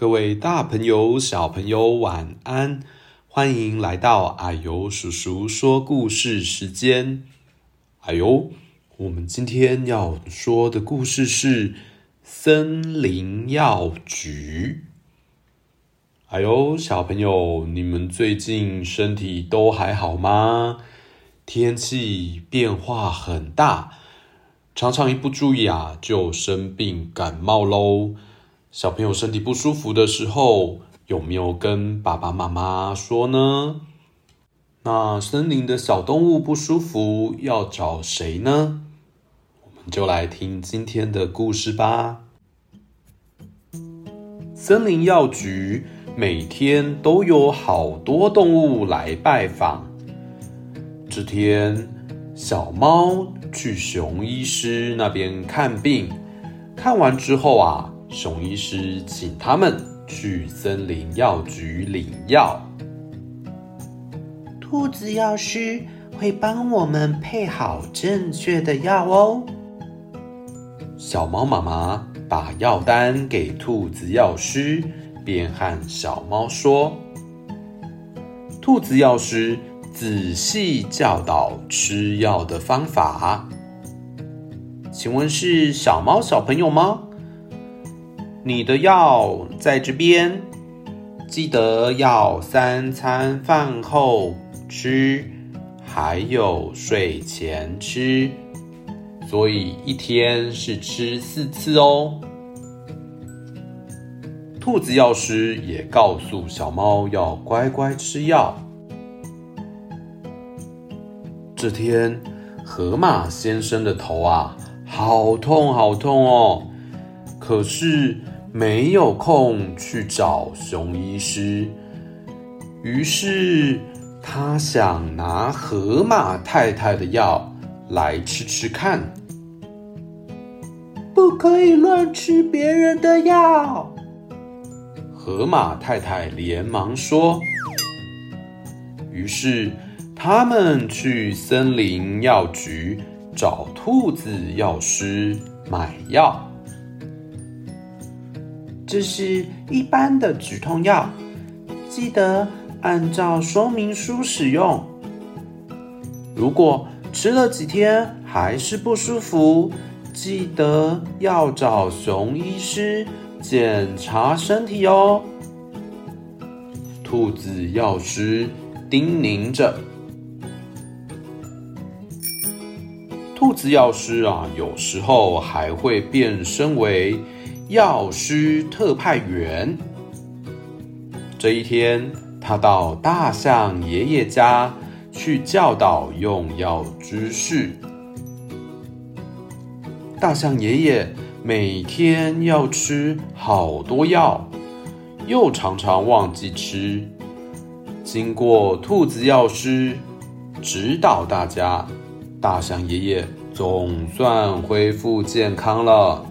各位大朋友、小朋友，晚安！歡迎來到啊呦叔叔說故事時間。啊呦，我們今天要說的故事是《森林藥局》。啊呦，小朋友，你們最近身體都還好嗎？天氣變化很大，常常一不注意啊，就生病感冒嘍。小朋友身體不舒服的時候，有沒有跟爸爸媽媽說呢？那森林的小動物不舒服要找誰呢？我們就來聽今天的故事吧。森林藥局每天都有好多動物來拜訪。這天，小貓去熊醫師那邊看病，看完之後啊。熊醫師請他們去森林藥局領藥。兔子藥師會幫我們配好正確的藥哦。小貓媽媽把藥單給兔子藥師，便和小貓說：“兔子藥師仔細教導吃藥的方法。”請問是小貓小朋友嗎？你的藥在這邊，記得要三餐飯後吃，還有睡前吃，所以一天是吃四次哦。兔子藥師也告訴小貓要乖乖吃藥。這天，河馬先生的頭啊，好痛好痛哦，可是。沒有空去找熊醫師，於是他想拿河馬太太的藥來吃吃看。不可以亂吃別人的藥，河馬太太連忙說。於是他們去森林藥局找兔子藥師買藥。這是一般的止痛藥，記得按照說明書使用。如果吃了幾天還是不舒服，記得要找熊醫師檢查身體哦。兔子藥師叮嚀着。兔子藥師啊，有時候還會變身為。藥師特派員。這一天，他到大象爺爺家去教導用藥知識。大象爺爺每天要吃好多藥，又常常忘記吃。經過兔子藥師指導大家，大象爺爺總算恢復健康了。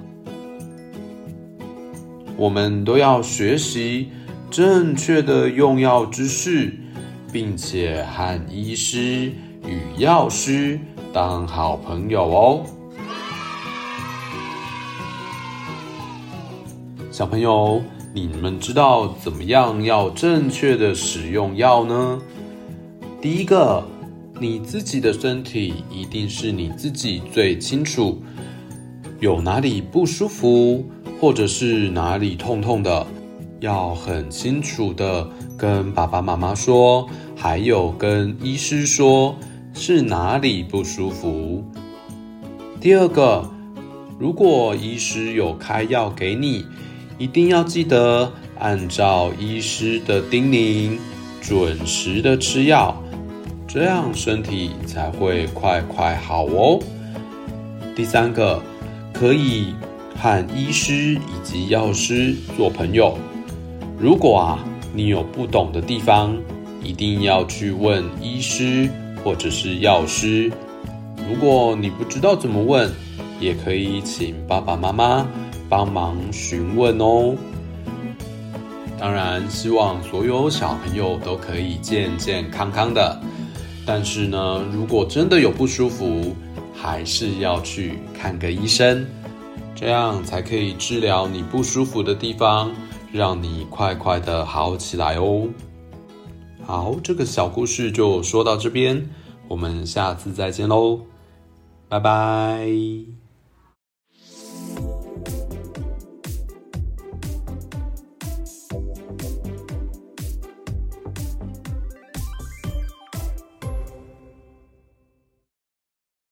我們都要學習正確的用藥知識，並且和醫師與藥師當好朋友哦。小朋友，你們知道怎麼樣要正確的使用藥呢？第一個，你自己的身體一定是你自己最清楚，有哪裡不舒服。或者是哪裡痛痛的，要很清楚的跟爸爸媽媽說，還有跟醫師說，是哪裡不舒服。第二個，如果醫師有開藥給你，一定要記得按照醫師的叮嚀，準時的吃藥，這樣身體才會快快好哦。第三個，可以。和醫師以及藥師做朋友。如果啊，你有不懂的地方，一定要去問醫師或者是藥師。如果你不知道怎麼問，也可以請爸爸媽媽幫忙詢問哦。當然，希望所有小朋友都可以健健康康的。但是呢，如果真的有不舒服，還是要去看個醫生。這樣才可以治療你不舒服的地方，讓你快快的好起來哦。好，這個小故事就說到這邊，我們下次再見嘍，拜拜。